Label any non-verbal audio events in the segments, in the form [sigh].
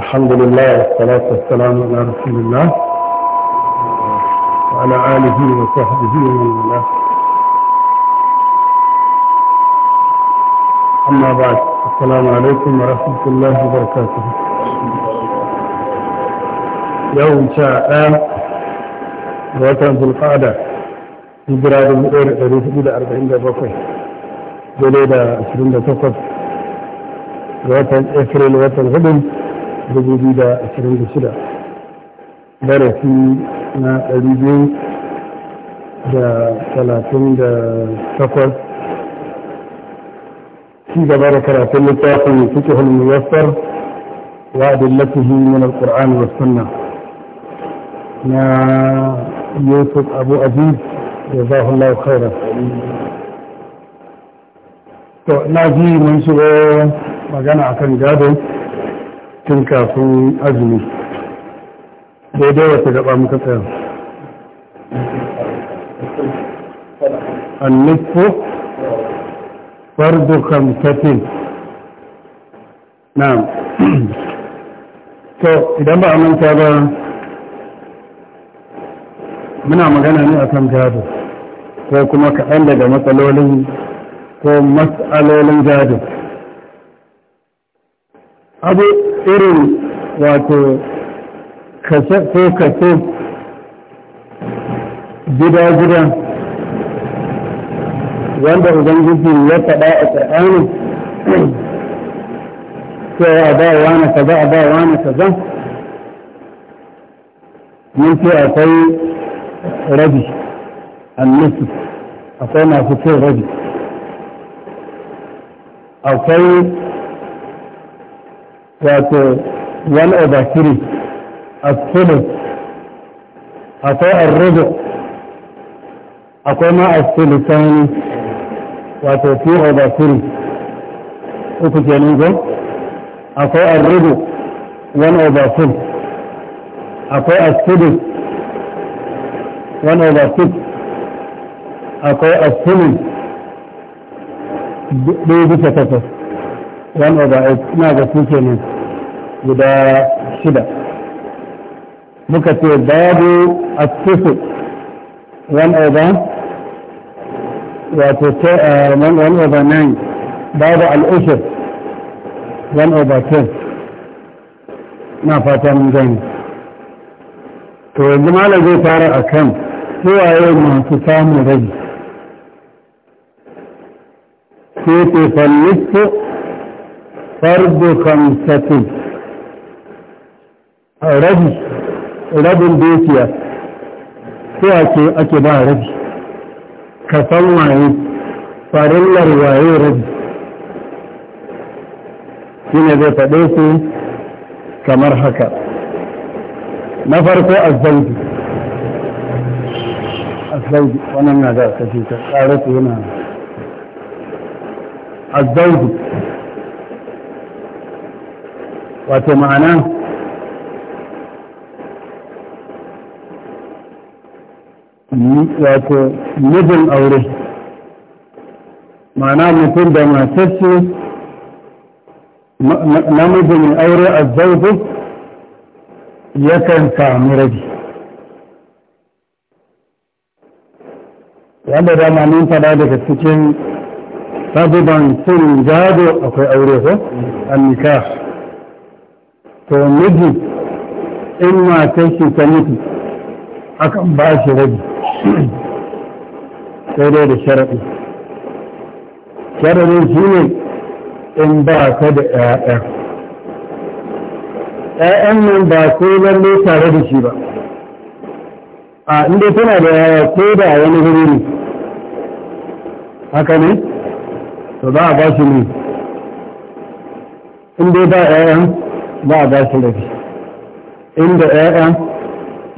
الحمد لله والصلاة والسلام على رسول الله وعلى آله وصحبه ومن والاه أما بعد السلام عليكم ورحمة الله وبركاته يوم شاء وطن ذو القعدة هجرة المؤر أريد إلى أربعين دقيقة جليلة عشرين دقيقة وطن إفريل وطن غدن الى barafi na 238 في جبارة كراسي المتاقن فتح الميسر وأدلته من القرآن والسنة يا يوسف أبو أبيب جزاه الله خيرا نازي منشغو مجانا عكا نجابه tun kafin azumi daidai wata gaba muka tsaya annifu fardu kamsatin na to idan ba a manta ba muna magana ne akan gado ko kuma kaɗan daga matsalolin ko matsalolin gado abu irin wato kaso ko kaso gida-gida wanda ubangiji ya faɗa a ƙar'ani cewa ba wani kaza ba wani kaza mun ce akwai rabi annisu akwai masu cin rabi akwai wato 1 over 3 as-sulus akwai ar-rubu akwai ma as-sulusani wato 2 over 3 uku kenan ko akwai ar-rubu 1 over 4 akwai as-sulus 1 over 6 akwai as-sulus 2 bisa 8 1 over 8 ina da su guda shida muka ce babu a cikin 1 over wato 1 uh, over 9 babu al'ushir 1 over 10 na fata mun gani to yanzu malam zai fara a kan suwaye masu samun rage sai ce فرد خمسة ربي ربي البيتية في أكي أكي با ربي كفلعي فرل رواي ربي هنا ذات بيتي كمرحكة نفرق الزوج الزوج ونمنا ذات بيتي قالت هنا الزوج wato ma'ana wato mijin aure ma'ana mutum da matarsu namiji mai aure a zaudu yakan sami rabi wanda dama mun fada daga cikin sabuban sun gado akwai aure ko annika to miji in matar shi ta mutu akan ba shi rabi [clears throat] sai dai da sharaɗi sharaɗi shi ne in ba ta da ‘ya'ya ‘ya'yan nan ba ko lalle tare da shi ba a inda tana da yaya ko da wani guri ne haka ne to za a ba shi ne in dai ba ‘ya'yan بعد ذلك عند آئم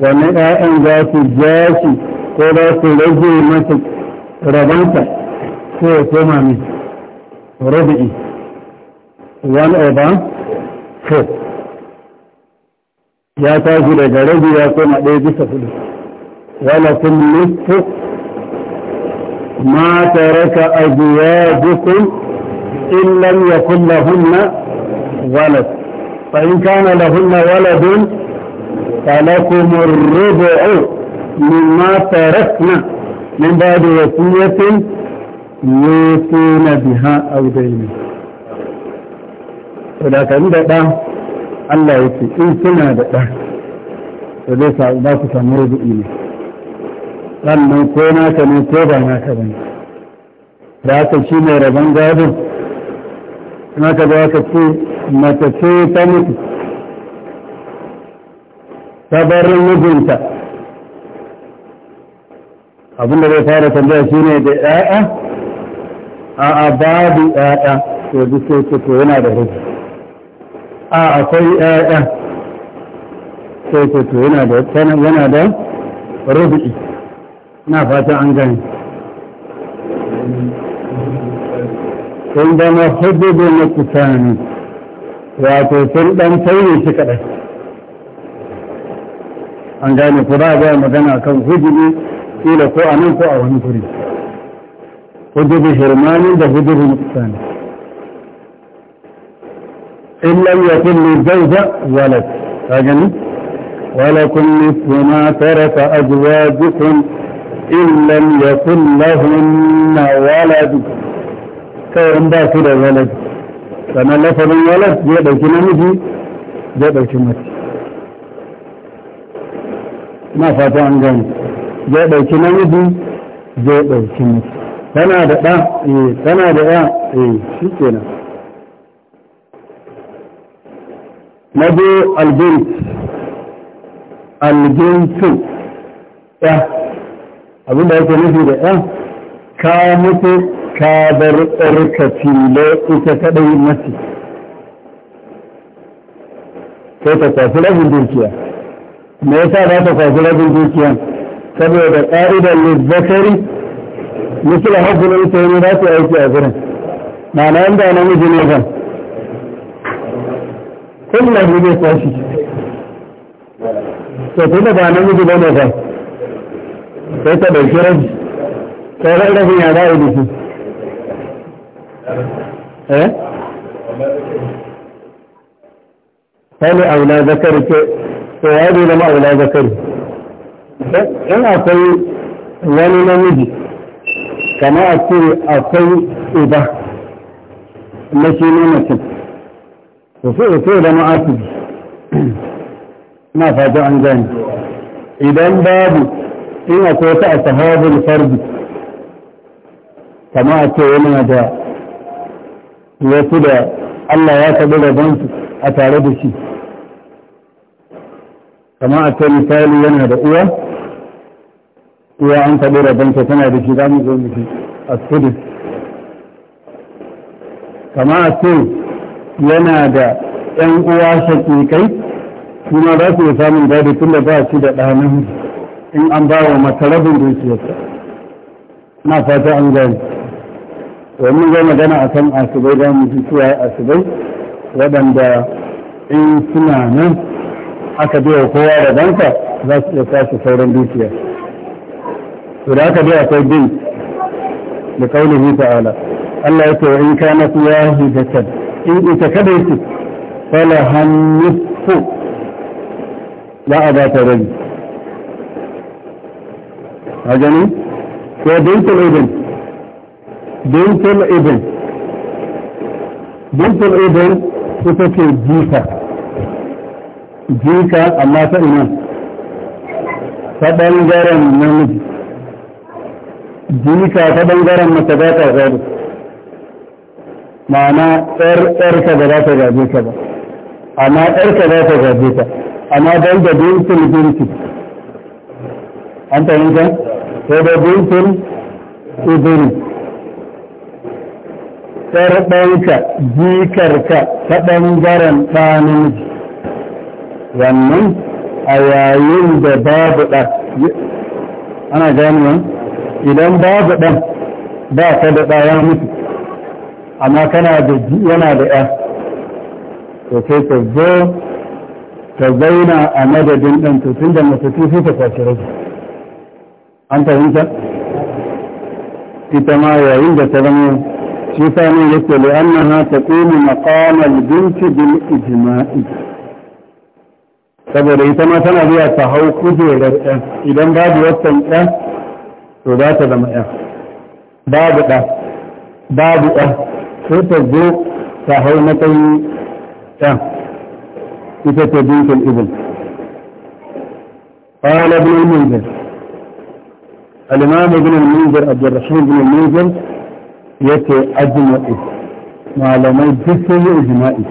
وما آئم ذاتي جاسي قولاتي لجي المسك ربانتا كو ثماني ربعي وان أبان يا تاجر جربي يا كو مأدي بسفل ولكم نفت ما ترك أزواجكم إن لم يكن لهن ولد فإن كان لهن ولد فلكم الربع مما تركنا من بعد وصية يوصون بها أو دين ولكن كان ده الله يكي إن سنة ده فليس لا تسمى ربعي ne من ko naka ne ko ba لا ba ne da aka shi mai mace ce ta mutu ta barin mijinta abinda zai fara tambaya shi ne da ‘ya'ya a a babu ‘ya'ya to duk ce to yana da rufi a akwai ‘ya'ya sai ce to yana da yana da rufi na fata an gani kun zama hudu da na kusa ne wato sun ɗan tauye shi kaɗai an gane ku ba ga magana kan hujjubi kila ko a nan ko a wani guri hujjubi shirmani da hujjubi nuksani in lam yakun li zawja walad ka gani ولكم مثل ما ترك أزواجكم إن لم يكن لهن ولد كأن باسل ولد sannan lafarin walas zai ɗauki namiji zai ɗauki mace na fata an gani zai ɗauki namiji zai ɗauki mace tana da ɗa eh tana da ɗa eh shi kenan na biyu albint albintu ya abinda yake nufi da ya kawo mutu ka bar tsarka tilo ita kaɗai mace sai ta kwafi rabin dukiya me yasa za ta kwafi rabin dukiya saboda ƙa'idar lizzakari misali hakkula ita yi za ta aiki a gurin ma'ana na namiji ne ban kullum ne kwashi to tunda ba namiji ba ne ba sai ta ɗauki rabi sai rabin ya za a yi da eh a aula zakari ke to ya zai zama aula zakari in akwai wani namiji kama a ce akwai uba na shi ne mutum to sai da ce zama asibi na fata an gani idan babu in akwai ta a sahabin farbi kama a ce na da wasu da Allah ya taɓa rabonsu a tare da shi kama a ta misali yana da uwa uwa an taɓa rabonsa tana da shi za mu zo miki a sudus kama a ce yana da ‘yan uwa shakikai su ma za su yi samun gadi tun da ba shi da ɗanin in an ba wa matarabin dukiyarsa na fata an gani wannan zai magana a kan asibai da mutum cewa asibai waɗanda in suna nan aka biya kowa da banka za su iya kwashe sauran dukiya to da aka biya akwai bin da kaulihi ta'ala Allah ya ce wa in kana fiya hidatan in ita kada yake fala hannifu za a ba ta rabi a gani ko bin ta bintul ibn bintul ibn ita ce jika jika amma ta iman ta ɓangaren namiji jika ta ɓangaren mace ba ta gado ma'ana ƴarƙarka ba za ta gaje ka ba amma ƴarka za ta gaje ka amma don da bintul bintul an ta yi ta? ko da bintul ibn ɗarɓanka jikarka ta ɓangaren ɗanin wannan a yayin da babu ɗan ana wani idan babu ɗan ba ka da ɗaya mutu amma kana da ji yana da ɗan to sai ka zo ka zauna a madadin ɗan to tun da mutu tufi ta kwashe rage an fahimta ita ma yayin da ta zama shi sani yake li'annaha taqumu maqam al-bint bil ijma'i saboda ita ma tana zuwa ta hau kujerar ɗan idan babu wasan ɗan to za ta zama ɗan babu ɗan babu ɗan ko ta zo ta hau matsayin ɗan ita ce bintul ibn قال ابن المنذر الإمام ابن المنذر عبد الرحيم بن المنذر yake ajma'i malamai duk sun yi ijma'i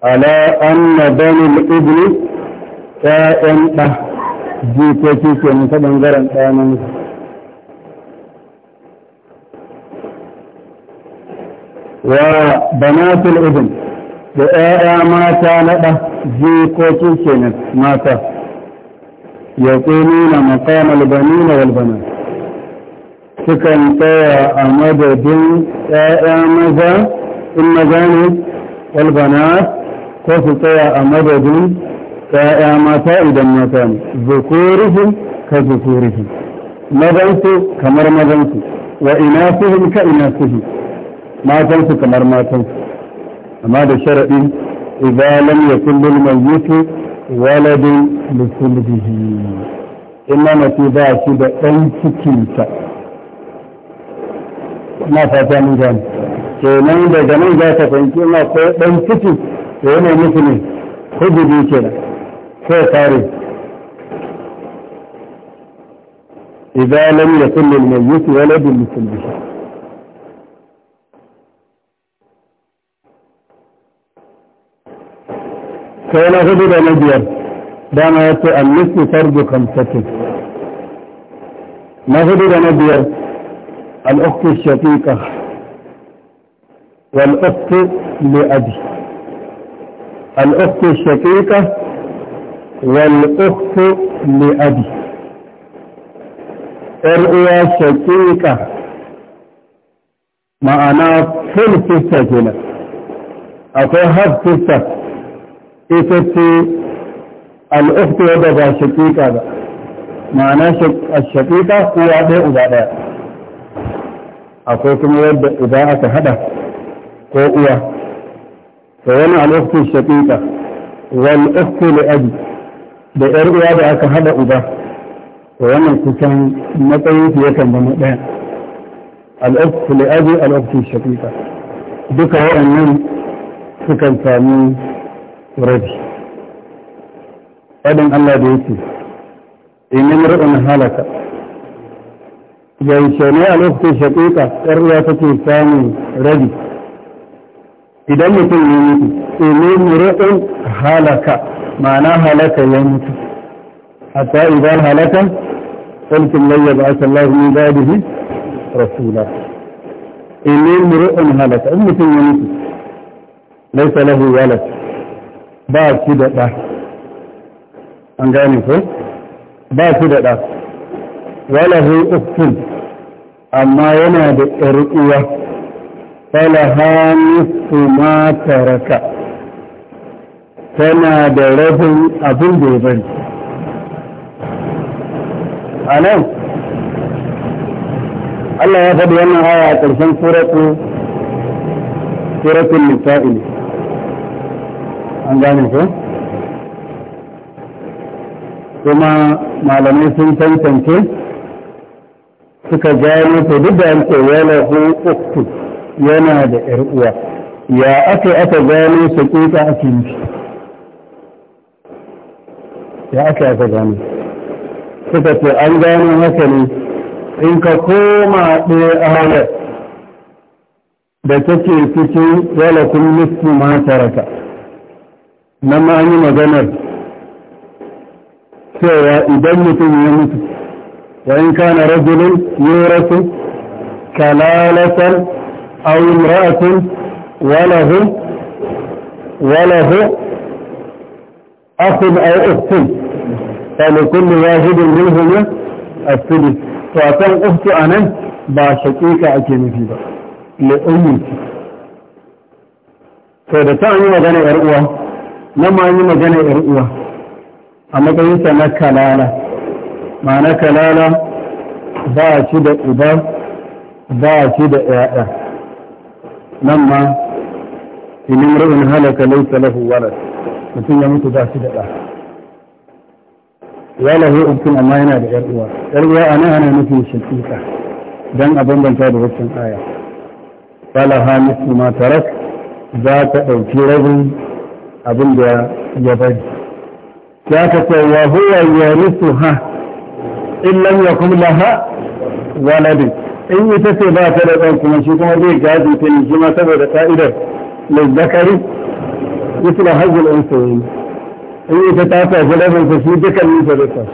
ala anna banil ibni ya'yan ɗa jikoki ke mun ta bangaren na mutu wa al ibn da ‘ya'ya mata na jike jikoki ke mata ya ƙuni na makamal banina wal banat sukan tsaya a madadin ‘ya'ya maza in maza ne walbana ko su tsaya a madadin ‘ya'ya mata idan mata ne zukurihim ka zukurihim mazansu kamar mazansu wa ina suhim ka ina suhi matansu kamar matansu amma da sharaɗi idan lam yakun lil mayyitu waladin li sulbihi inna mati ba shi da ɗan cikinsa na fata mun gani kenan daga nan za ka fahimci ma ko dan ciki to yana nufi ne hujjubi kenan ko kare idan lam yakun lil mayyit waladun musulmi sai na hudu da na biyar dama ya ce an nufi fardu kamsatin na hudu da na biyar الأخت الشقيقة والأخت لأبي الأخت الشقيقة والأخت لأبي أرؤيا الشقيقة معنا كل هنا جنة أتوهب ستة إتت الأخت وضع شقيقة معنا الشقيقة هو أبي أبي akwai kuma yadda idan aka hada ko uwa da wani al'uktu shaƙiƙa wal uktu li abi da yar uwa da aka hada uba to wani kusan matsayin su yakan zama ɗaya al'uktu li abi al'uktu shaƙiƙa duka waɗannan sukan sami rabi faɗin Allah da yake in imra'un halaka yanke ne a lokacin shaƙiƙa ƙarya take samun rabi idan mutum ne mutu ne mura'in halaka ma'ana halaka ya mutu ta'i idan halaka sulkin layya ba a sallahu ba da rasula ne mura'in halaka in mutum ya mutu laisa salahu walat ba shi da ɗa an gane ko ba shi da ɗa وله uffun amma yana da فلها falaha ما ma taraka tana da rabin abin الله أن هذا ترسل سورة سورة kuma malamai sun tantance suka gano ta duk da yanke yana ko uktu yana da ‘yar uwa ya aka aka gano su ƙiƙa ake nufi ya aka aka gano suka ce an gano haka ne in ka koma ɗaya ayar da take cikin yalakun nufi ma taraka nan ma an yi maganar cewa idan mutum ya mutu وإن كان رجل يورث كلالة أو امرأة وله وله أخ أو أخت فلكل واحد منهما الثلث فأتم أخت أنا باشقيك أكيد فيها لأمك فإذا تعني مجانا إرؤوة لما أعني مجانا إرؤوة أما قلت لك كلالة ma'ana kalala ba shi da uba ba shi da ‘ya'ya nan ma inin ra'in halaka laisa lahu walad mutum ya mutu ba shi da ɗa ya lahu ukun amma yana da ‘yar uwa ‘yar uwa a nan ana nufin shaƙiƙa don a bambanta da waccan aya ha mislu ma tarak za ta ɗauki rabin abin da ya bari ya ta ce wa huwa ya ha in lam yakun laha waladin in ita ce ba ta da ɗan kuma shi kuma zai gaji ta yi shi ma saboda ka'idar lizzakari yusuf hajjul yi. in ita ta tafi rabinsa shi dukkan nisa da ta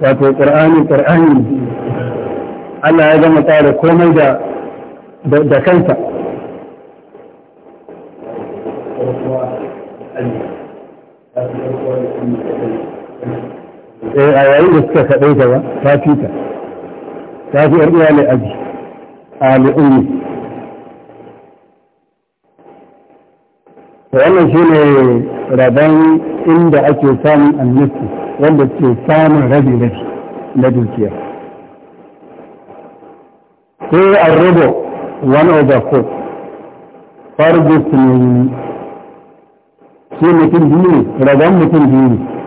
wato ƙar'ani ƙar'ani Allah ya gama tsara komai da kansa أعيد كفريتها تاتيتها تاتي أرضيها لأبي على أمي وأنا شيني رباني عند أكي سامي النفس وأنا أكي سامي ربي ربي لدو كيا في الربو وأنا أبقى فرجت من شيني كنجيني رباني كنجيني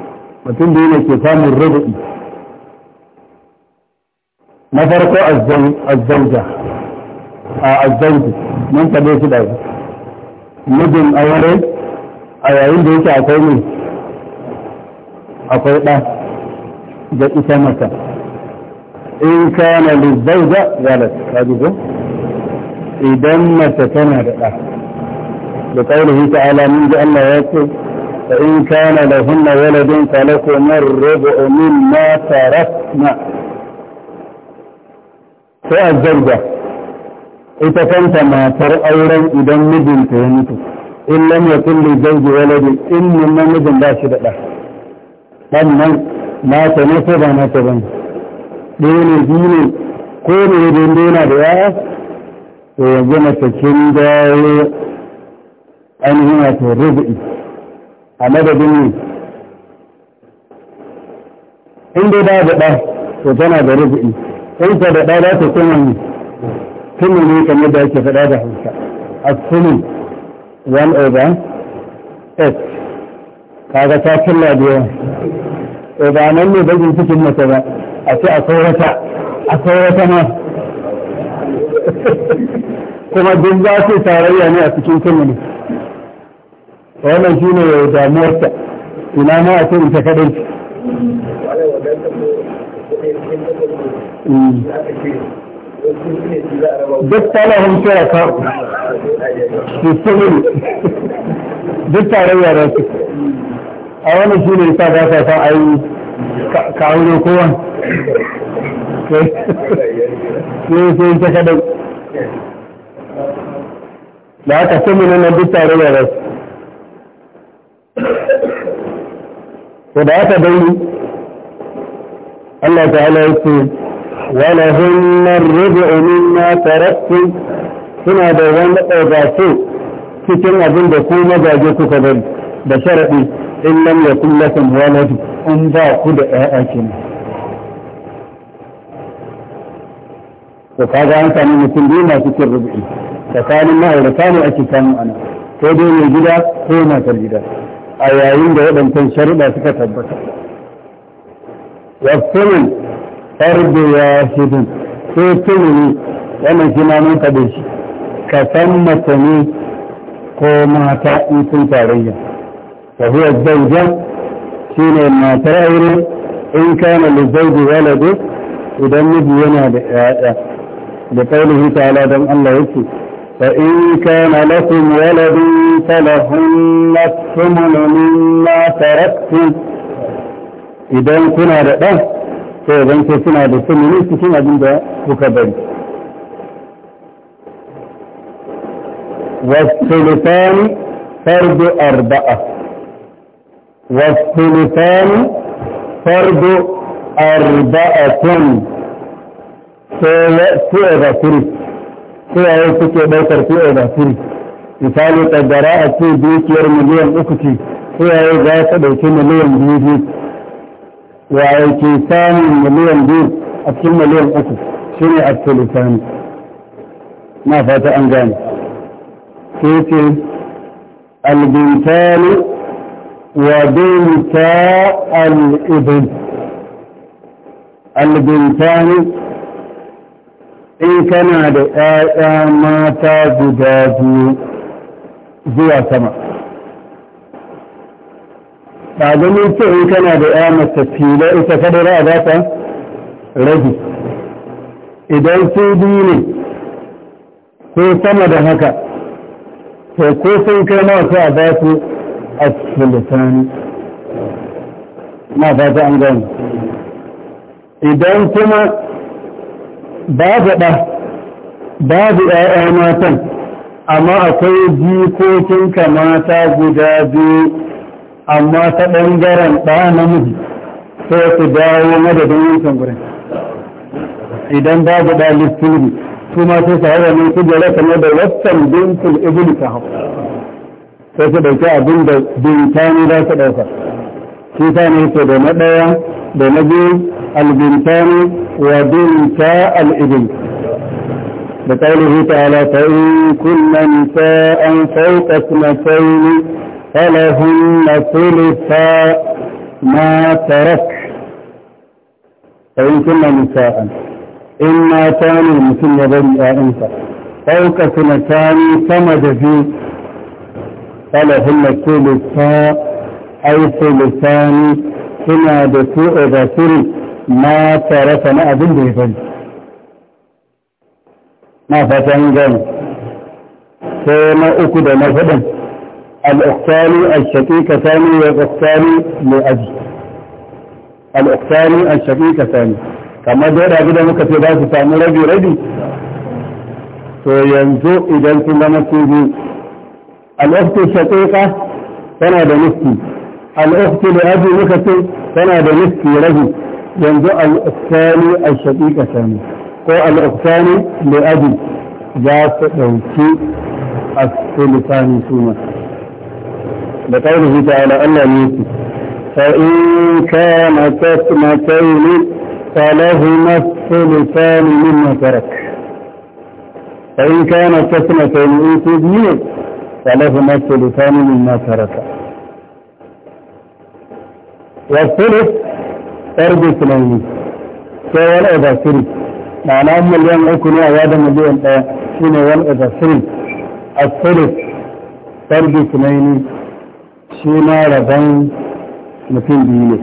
mutum da yana ke samun rubu'i na farko azzauja a azzauji mun kaɗe shi da mijin aure a yayin da yake akwai ne akwai ɗa da ita mata in kana lizzauja zalat kaji ko idan mace tana da ɗa da ƙaurahi ta'ala mun ji Allah ya ce فإن كان لهن ولد فلكم الربع مما تركنا سؤال زوجة إذا كنت ما ترى أولا إذا نجم تهنت إن لم يكن لزوج ولد إن ما مدن لا شبع له أما ما تنصب ما تبن دين دين كل دين دين دعاء ويجمع تشنجاوي أنهما تربئي a madadin ne in dai ba da ɗa to tana da rubu'i in ka da ɗa za ta kuma ne tumu ne kamar da ake faɗa da hausa a tumu 1 over 8 kaga ta killa da yawa e eh, ba nan ne bakin cikin mace ba a ce a saurata, a saurata ma [laughs] kuma duk za su tarayya ne a cikin tumu ne wannan shi ne damuwarta ina ma a ce ita kaɗai duk talahun shiraka su sami duk tarayya da su a wani shi ne sa ba sa sa a yi kawo kowa sai sai ta kaɗai da aka sami nan duk tarayya da su to da aka dai Allah ta'ala yake wala hunna rubu'u mimma taraktum suna da wani ɗaukace cikin abin da ku mazaje kuka bari da sharaɗi in lam yakun lakum waladu in ba ku da ƴaƴa kenan to kaga an samu mutum biyu masu cin rubu'i tsakanin ma'aurata ne a samu ana ko dai mai gida ko matar gida a yayin da waɗancan sharuɗa suka tabbata wasanin fardo ya shidin ko ne wannan shi ma mun faɗe shi ka san mace ne ko mata in sun tarayya wa huwa shi shine matar aure in kana lizawji waladu idan miji yana da ƴaƴa da kaulihi ala dan Allah yake فإن كان لكم ولد فلهن الثمن مما تركتم إذا كنا رأى فإذا كنا الثمن كنا جندا بكبر والثلثان فرد أربعة والثلثان فرد أربعة سيأتي إذا sai suke ɗaukar fiye da firi misali kaddara a ce dukiyar miliyan uku ce sai za ka dauki miliyan biyu biyu waye ke samun miliyan biyu a cikin miliyan uku shi ne a lusani. na fata an gane sai ce albintani wa binta al'ibin albintani in kana da ‘ya'ya mata guda biyu zuwa sama ba ganin ce in kana da 'ya'ya mace fila ita kadara a zata rage idan su biyu ne ko sama da haka to ko sun kai nawa ko a ba su a sulatani na fata an gani idan kuma babu ɗa babu ‘ya'ya matan amma akwai jikokin kamata guda biyu amma ta ɓangaren ɗa namiji sai ku dawo madadin yankin gurin idan babu ɗa litturi kuma sai sai sahara ne su jere kamar da wasan bintul ibn ta hau sai su ɗauki abin da binta ne za su ɗauka shi ta ne ke da na ɗaya da na biyu البنتان وبنتا الابن بقوله تعالى فإن كن نساء فوق اثنتين فلهن ثلثا ما ترك فإن كن نساء إما كان المثل بني أنت فوق اثنتان كما في فلهن ثلثا أي ثلثان كما بسوء ذاتري ma tarasa na abin da ya bari na fatan gani sai na uku da na hudun al'uktani al-shaƙiƙa sani wa ƙuktani aji. al'uktani a shaƙiƙa sani kamar da yadda da muka ce za su samu rabi-rabi to yanzu idan sun zama su biyu al'uktu shaƙiƙa tana da nufi al'uktu lo'aji muka ce tana da nufi rabi ينزو الثاني الشبيكة ثانية قوة الثاني لأجل جاس روكي الثلثاني سنة لقوله تعالى الله يوسف فإن كانت اثنتين فلهما الثلثان مما ترك فإن كانت اثنتين اثنتين فلهما الثلثان مما ترك والثلث ɗarbe tunani sai wani over three ma'ana miliyan uku ne a yada miliyan ɗaya shi ne wani over three a ɗarbe tunani shi na rabon mutum biyu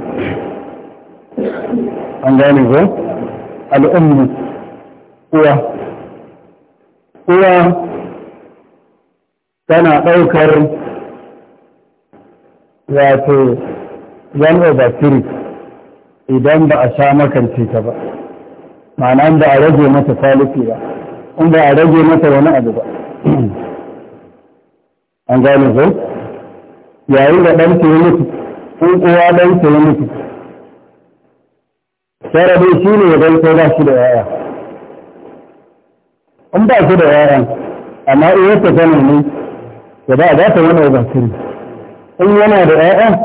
ne an gane ko al'ummu uwa uwa tana ɗaukar wato one over idan ba a sha makance ta ba ma'ana ba a rage mata saliki ba in ba a rage mata wani abu ba an gane ko yayin da ɗan ta yi mutu in uwa ɗan ta yi mutu sarari shi ne idan sai ba shi da yaya in ba shi da yaya amma iya ta zama ne da ba a za ta wani ba in yana da yaya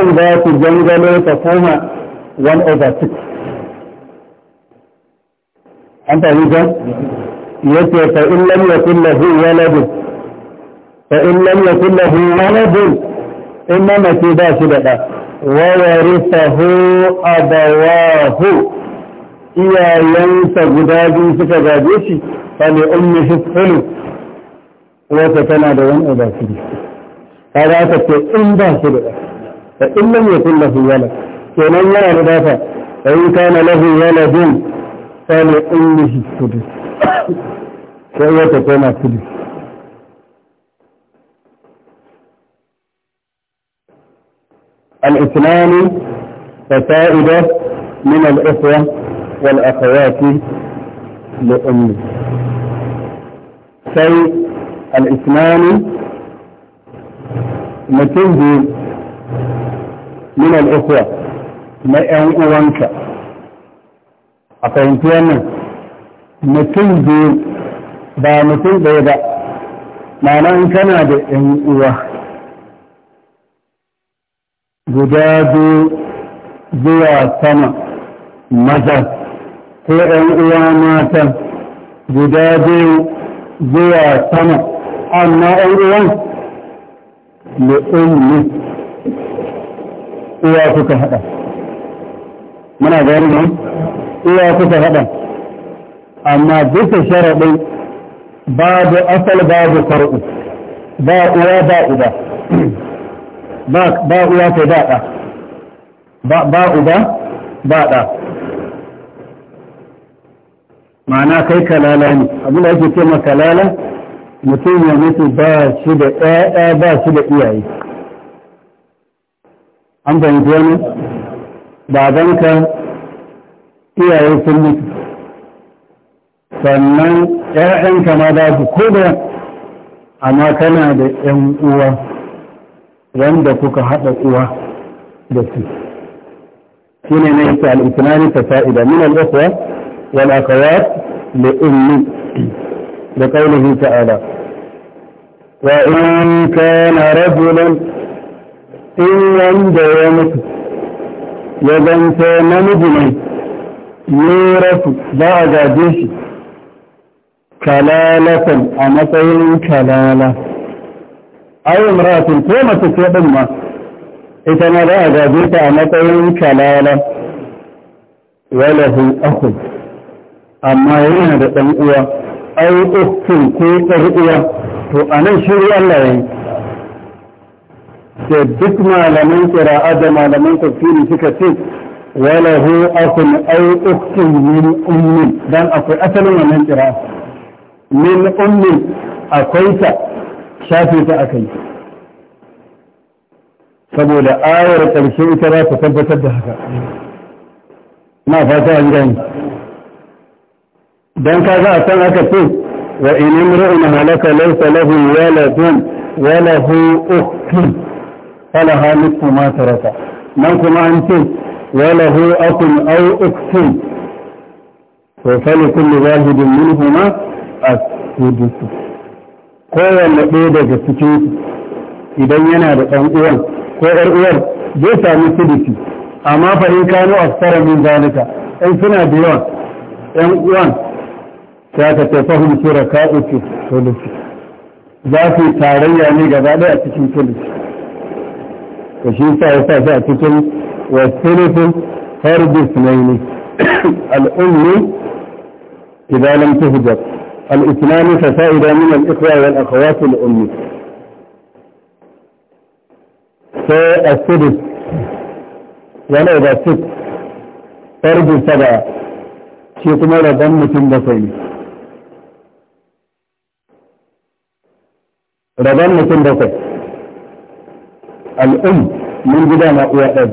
an za su jangalo ta koma 1 over 6 an fahimta yace fa in lam yakun lahu walad fa in lam yakun lahu walad in ma mace ba shi da da wa warithahu abawahu iyayensa guda biyu suka gaje shi fa li ummihi thuluth wata tana da wani over 3 kaga ta ce in ba shi da da fa in lam yakun lahu walad ومن يعرض فإن كان له ولد فلأمه السدس فهي تكون السدس الإثنان فسائدة من الإخوة والأخوات لأمه سيء الإثنان مكنز من الإخوة na 'yan uwanka a fahimci wannan mutum biyu ba mutum ɗaya ba ma'ana in kana da 'yan uwa guda biyu zuwa sama maza ko 'yan uwa mata guda biyu zuwa sama amma 'yan uwan da ummi uwa kuka haɗa muna gari ne iya kusa faɗa amma duka sharaɗin babu asal babu faru ba uwa ba uba ba uwa ta daɗa ba uba ba ɗa ma'ana kai kalala ne abinda ake ce ma kalala mutum ya mutu ba shi da ɗaya ba shi da iyaye an bayyana babanka iyaye sun mutu sannan ‘ya'yanka ma za su koda amma kana da ‘yan uwa wanda kuka haɗa uwa da su shi ne na yake al'isnani ta fa'ida min al’asuwa wal akawat da ummi da kaunahi ta'ala wa in kana rajulan in wanda ya mutu ya zanto namiji ne yurasu za a gaje shi kalalatan a matsayin kalala ai imratin ko mace ce ɗin ma ita ma za a gaje ta a matsayin kalala walahu akhu amma yana da ɗan'uwa. uwa ai ukhtun ko ɗan uwa to a shiru Allah yayi ce duk malaman kira'a da malaman tafsiri suka ce walahu akun ai uktun min ummin dan akwai asalin wannan kira'a min ummin akwai ta shafi ta akai saboda ayar ƙarshe ita za ta tabbatar da haka na fata an gani don ka za a san aka ce wa in imru'un halaka laysa lahu waladun wa lahu ukhtun falaha nisfu ma taraka nan kuma an ce walahu akun au uksin to fali kullu wahidin minhuma as-sudusu kowanne ɗaya daga cikin idan yana da ɗan uwan ko ɗan uwan zai sami sudusi amma fa in kano aksara min zalika in suna da yawa ɗan uwan ta ka ce fahimci raka'u ce sulusi za su tarayya ne gaba ɗaya cikin sulusi وشيطة وفاسة تكون والثلث فرد اثنين [coughs] الأم إذا لم تهجر الإثنان فسائد من الإخوة والأخوات الأم فالثلث ولا إذا ست فرد سبع شيط مولى ضمة بطين رضان مثل بطين al'um mun gida na uwa ɗan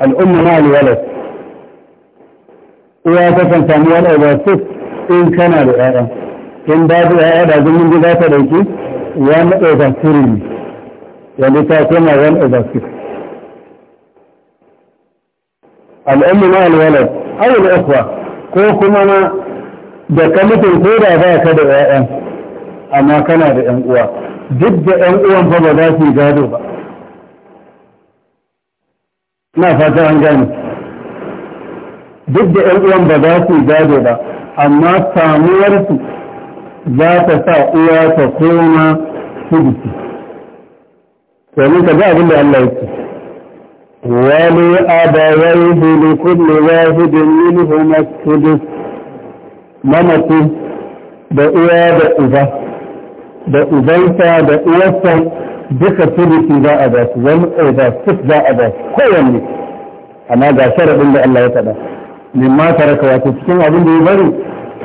al'umma na alwalar uwa ta kan wani overfit in kana da ƴaƴa in babu ƴaƴa da zumin gida ta ɗauki wani overfit ne yanzu ta koma wani overfit al'umma na alwalar awul ukwa ko kuma na da kalifin ko da ba ka da ƴaƴa amma kana da ƴan uwa duk da ‘yan uwan fa ba za su gado ba na fata an gani duk da ‘yan uwan ba za su gado ba amma samuwarsu za ta sa uwa ta koma sudisi domin ka ga abin da Allah yake wani abawai hulu kulle wahidin minhu masudus Mamatu da uwa da uba da ubansa da uwarsa duka turuki za a ba su wani ƙaida sif za a ba su kowanne amma ga sharaɗin da Allah ya faɗa min ma taraka wato cikin abin da ya bari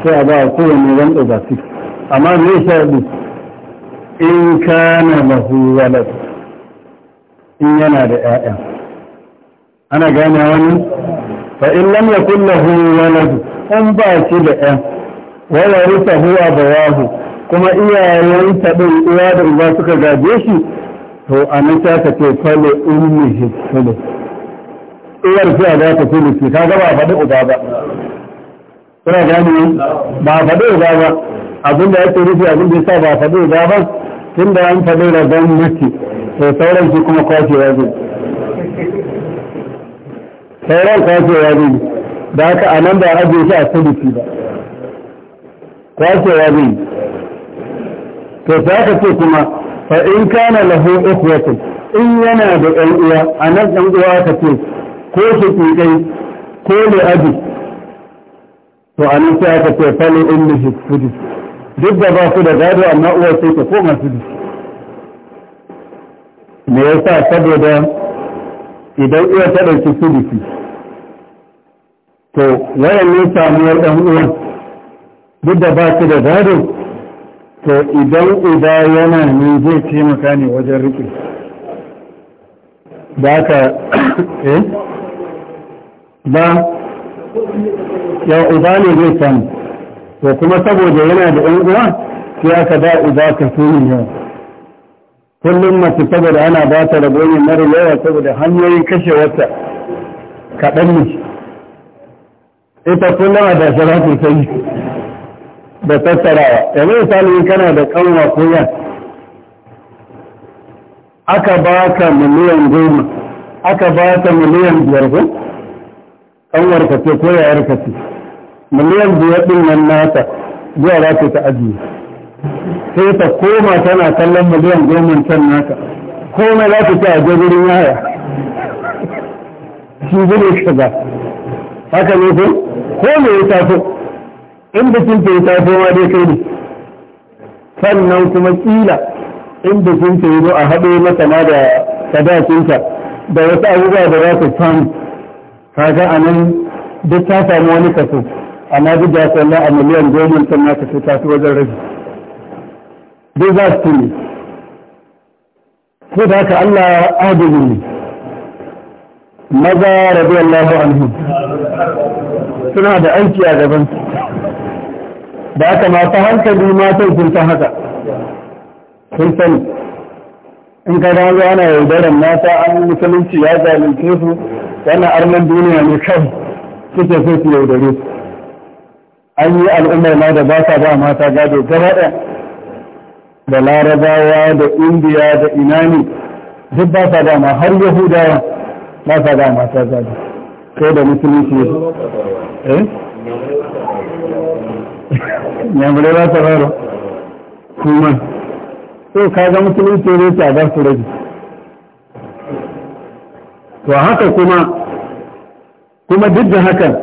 sai a ba kowanne wani ƙaida sif amma me sharaɗi in kana lahu walad in yana da ƴaƴa ana gane wani fa in lam yakul lahu walad in ba shi da ƴa wa yarithahu abawahu kuma iyayensa ɗin uwa da uba suka gaje shi to a nan ta ka ce fale ummi hisulu uwar fiya za ta sulusi ka ga ba faɗi uba ba suna gani ba faɗi uba ba abinda yake nufi abinda ya sa ba faɗi uba ba tun da an faɗi da mutu, to sauran shi kuma kwashewa zai sauran kwashewa zai da haka a nan ba a ajiye shi a sulufi ba kwashewa zai to sai ka ce kuma fa in kana lahu ikhwatun in yana da ɗan uwa a nan ɗan uwa ka ce ko shi kai ko da aji. to a nan sai aka ce fali in mishi sudus duk da ba su da gado amma uwar sai ta koma sudus me yasa saboda idan uwa ta ɗauki sudusi to wayan ne samuwar ɗan uwa duk da ba su da gado to idan uba yana ne zai taimaka ne wajen riƙe ba ka [coughs] eh ba ya uba ne zai samu to kuma saboda yana da ɗan uwa sai aka ba uba ka suni yau kullum mace saboda ana ba ta rabo ne mara yawa saboda hanyoyin kashe wata kaɗan ne ita kullum a da shi da tattarawa yanzu misali kana da kanwa ko yan aka ba ka miliyan goma aka ba ka miliyan biyar ko kanwar ka ce ko yayar ka ce miliyan biyar din nan nata zuwa za ka ta ajiye sai ta koma tana kallon miliyan goma can naka komai za ka ce a jabirin yaya shi zai shiga haka ne ko ko me ya tafi in bikin ta yi tafi ma dai kai ne sannan kuma kila in bikin ta yi zo a haɗe masa ma da sadakinta da wasu abubuwa da za su samu kaga a nan duk ta samu wani kaso amma duk da sanna a miliyan goma can na kaso ta fi wajen rage duk za su ne ko da haka Allah adili ne maza rabi allahu anhu suna da aiki a gaban Ba ka masu hankali matan sun san haka sun sani in ka dawo ana yaudarar mata an musulunci ya zalunce su yana arnan duniya ne kai suke so su yaudare su an yi al'ummar ma da ba sa ba mata gado gaba ɗaya da larabawa da indiya da inani duk ba sa dama har yahudawa ba sa dama mata gado ko da musulunci eh yamurai ba ta raro kuma so ka ga musulunci ne ta ba su rage to haka kuma kuma duk da hakan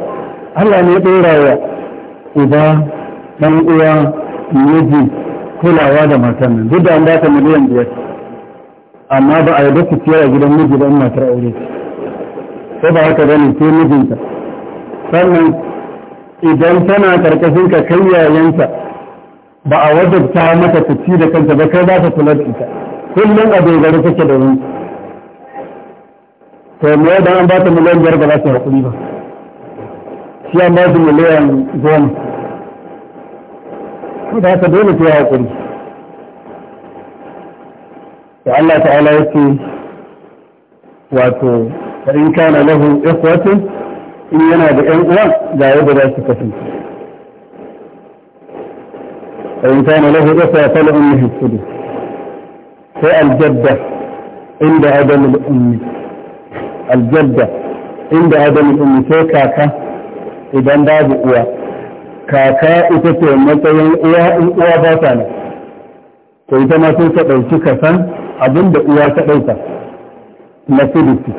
Allah ne ɗora wa uba ɗan uwa yaji kulawa da matan nan duk da an bata miliyan biyar amma ba a yi ba su ciyar a gidan miji ba matar aure ko ba haka ne sai mijinta sannan idan tana karkashin ka kai yayanta ba a wajabta mata ta ci da kanta ba kai za ta kula da ita kullum a dogara take da wani to me da an ba ta miliyan biyar ba za ta hakuri ba shi an ba ta miliyan goma ko da haka dole ta yi hakuri to Allah ta'ala ya wato fa in kana lahu ikhwatun in yana da ‘yan uwan ga yadda za su kasance a yin kana lahu ƙasa ya fala ummi hisudu sai aljadda inda adamul ummi aljadda inda adamul ummi sai kaka idan babu uwa kaka ita ce matsayin uwa in uwa ba ta nan to ita ma sai ka ɗauki kasan da uwa ta ɗauka na filistin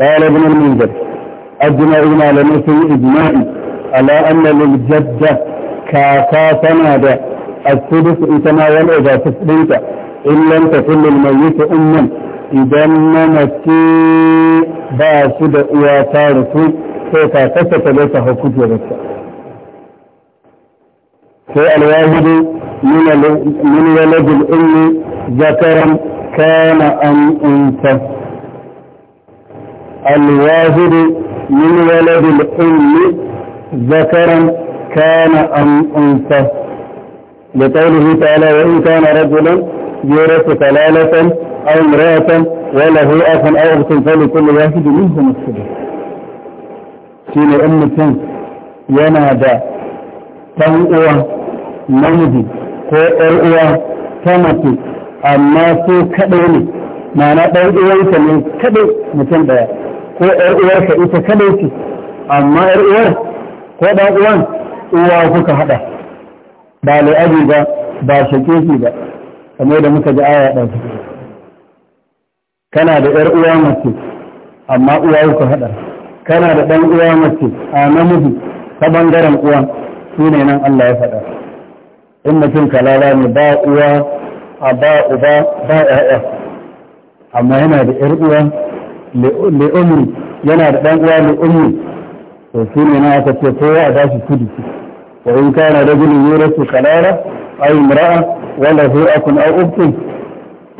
قال ابن المنذر أجمعنا لنسي إجماعي على أن للجدة كافاتنا تنادى السدس إتما اذا تسبيتا إن لم تكن للميت أما إذا نمتي باسد واتارسو سوف تسك ليس حكوك يبتا في الواحد من, من ولد الأم ذكرا كان أم أنثى الواهب من ولد الأم ذكرا كان أم أنثى لقوله تعالى وإن كان رجلا يورث كلالة أو امرأة وله أخ أو أخت فلكل واحد منهم السبب شين أم الشمس ينادى تنقوى namiji ko ‘yar uwa ta mace amma su kaɗai ne mana ɗan ko ‘yar uwarsa ita kada ce amma ‘yar uwar ko ɗan uwan uwa kuka haɗa ba la'abi ba ba shake shi ba kamar da muka ji aya ɗan kana da ‘yar uwa mace amma uwa kuka haɗa kana da ɗan uwa mace a namiji ta bangaren uwa shi ne nan Allah ya faɗa in mutum kalala ne ba uwa a ba uba ba ‘ya'ya amma yana da ‘yar uwa li'umri yana da ɗan uwa li'umri to shi ne na aka ce kowa a bashi sudusi wa in kana rajulun yurasu kalala ay imra'a wala hu akun aw ukhtun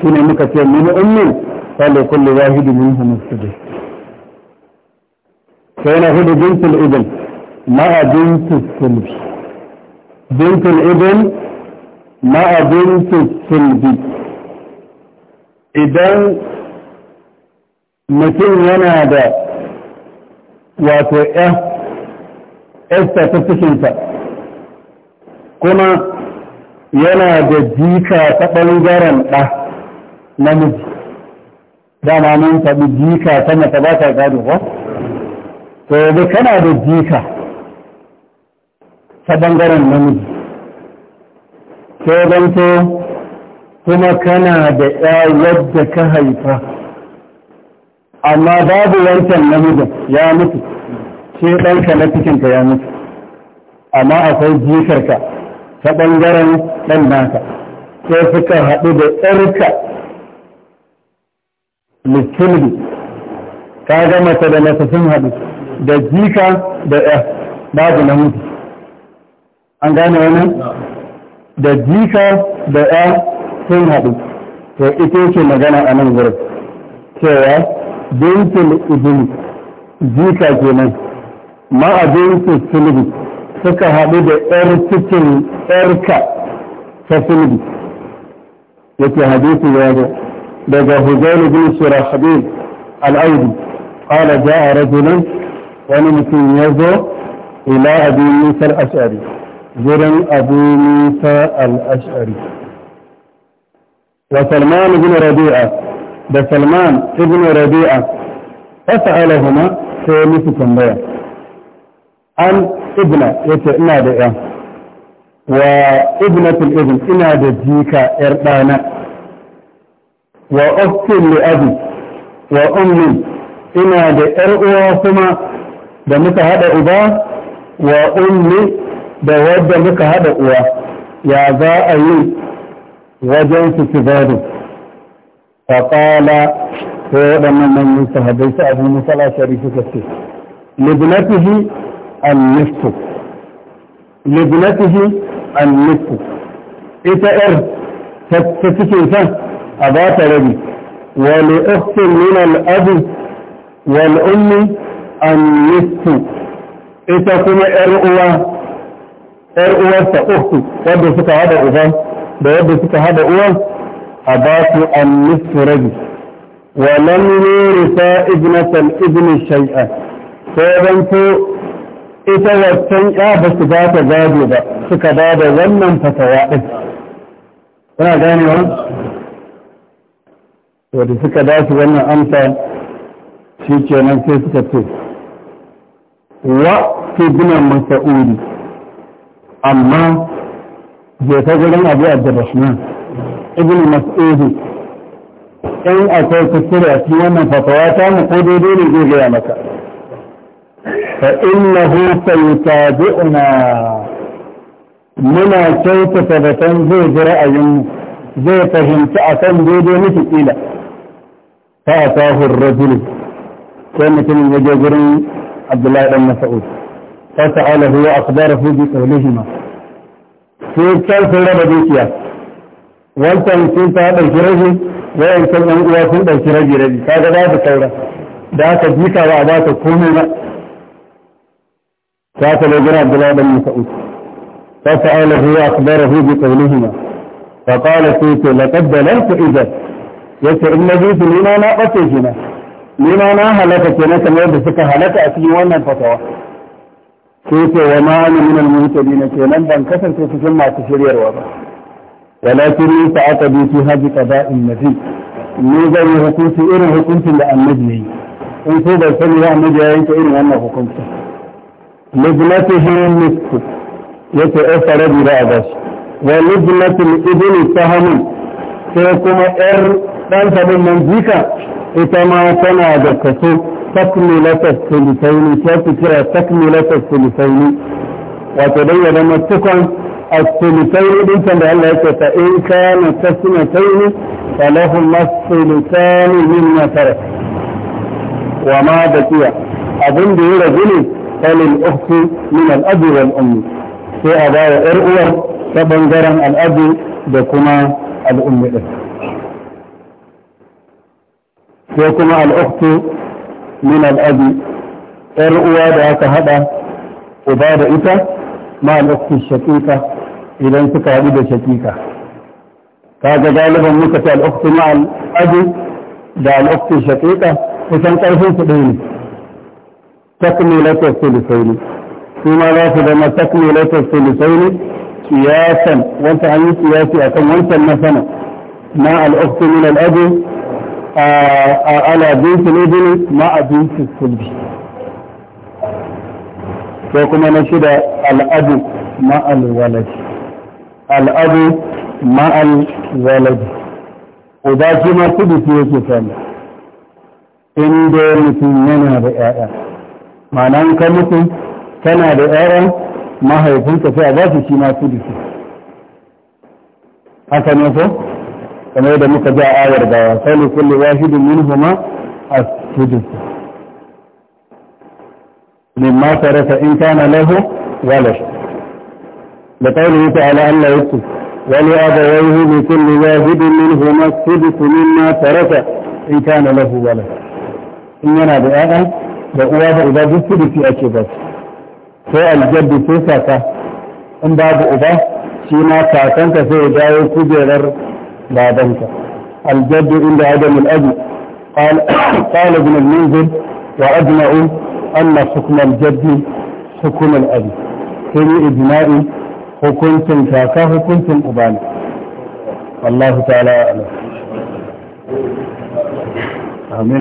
shi ne muka ce min ummi fa li kulli wahidin minhum sudus sai na hudu bintul ibn ma'a bintul sulbi bintul ibn ma'a bintul sulbi idan mutum yana da wato esta ta kuma yana da jika ta ɓangaren ɗa namiji dama mun faɗi jika ta mace ba ta gado ba to yanzu kana da jika ta ɓangaren namiji ke zanto kuma kana da ya yadda ka haifa amma babu wancan namijin ya mutu ce ɗanka na cikinka ya mutu amma akwai jikarka ta ɓangaren ɗan naka sai suka haɗu da ɗarka likilbi ka gama ta da mace sun haɗu da jika da ya babu na mutu an gane wani da jika da ya sun haɗu to ita ce magana a nan gurin cewa bintul ibn jika kenan ma a sulubi suka haɗu da yar cikin yarka ta sulubi yake hadisi ya zo daga hujjani bin surahabil al'audi قال جاء رجل ونمتن يزو إلى أبي موسى الأشعري جرم أبي موسى الأشعري وسلمان بن ربيعة da salman ibn rabi'a fasa'alahuma sai ya musu tambaya an ibna yace ina da ya wa ibnatul ibn ina da jika yar ɗana wa ukhtun li abi wa ummi ina da yar uwa kuma da muka hada uba wa ummi da wadda muka hada uwa ya za a yi wajen su su faƙala ko waɗannan manyan sahabai su abu musala shari suka ce libnatihi al-nisfu libnatihi al-nisfu ita yar ta cikin san a ba ta rabi wani uktin nuna al-abi wal ummi al-nisfu ita kuma ƴar uwa yar uwarsa uktu wadda suka haɗa uban da wadda suka haɗa uwan A Wa أباك النسرج ولم يورث ابنة الابن شيئا ko ita waccan ya ba su ba ta gado ba suka ba da wannan fatawa ɗin kuna ganewa wadda suka ba su wannan amsa shi kenan sai suka ce wa fi gina masa'uri amma je ta gurin abu abdurrahman ابن مسعود ان اتيت في يوم فتواتا قدودين لي قيامك فانه سيتابعنا من اتيت فبتن ذو برأي ذو فهمت اتن دودو مثقيلا فاتاه الرجل كان في المجاورين عبد الله بن مسعود فسأله واخبره بقولهما في كيف لبديك يا wancan sun ta ɗauki rabi wayancan ɗan uwa sun ɗauki rabi rabi kaga babu saura da aka jika ba a ba ta komai ba ta ta lagina abdullahi dan mas'ud fa ta'ala huwa akhbarahu bi qawlihima fa qala sayyidu laqad dalaltu idza yace in nabi ni ma na bace kina ni ma na halaka kenan kamar yadda suka halaka a cikin wannan fatawa sai ce wa ma min al-muhtadin kenan ban kasance cikin masu shiryarwa ba ولكن ليس عقدي في هذه قضاء النبي ni zan yi hukunci irin hukuncin da annabi ne in so bai sani ba annabi ya yanke irin wannan hukunci lizlatihi nisfu yace ai farabi da a bashi wa lizlatil ibni sahamun sai kuma yar dan sabon nan jika ita ma tana da kaso takmilatas sulusaini ta fi kira takmilatas sulusaini wato dai ya zama tukon الثلثين ديكن ده الله فإن كان تسنتين فلهما الثلثان مما ترك وما بقي أظن به رجل فللأخت من الأب والأم في أباء ارؤوا فبنجرا الأب بكما الأم إرؤور فيكما الأخت من الأب ارؤوا بها كهذا وبعد إتا ma al-ukhti shaqiqa idan suka haɗu da shaqiqa kaga galiban muka ce al-ukhti ma al-abi da al-ukhti shaqiqa kusan karfin su ɗaya ne takmilatu thuluthayn kuma za su zama takmilatu thuluthayn kiyasan wanda an yi kiyasi akan wancan na sana na al-ukhti min al-abi a ala binti ne ma a binti sulbi ko kuma na shida al'adu ma'al walaji al'adu ma'al walaji uba shi ma kudu shi yake sani in dai mutum yana da ƴaƴa ma'ana ka mutum tana da ƴaƴa mahaifinka sai a ba su shi ma kudu shi haka ne ko kamar da muka ja ayar gawa sai kulle wahidin minhuma as-sudus مما ترك إن كان له ولد لقوله تعالى أن لا يكتب ولأبويه لكل واحد منهما السدس مما ترك إن كان له ولد إن أنا بآن في أبا سوى الجد في سيساك إن باب فيما شما كاكنت سيجاو كجرر بابنك الجد عند عدم الأجل قال قال ابن المنذر وأجمعوا allah hukm jaddi hukm abu sai ni ijma'i hukuncin kaka hukuncin ubani wallahu ta'ala amin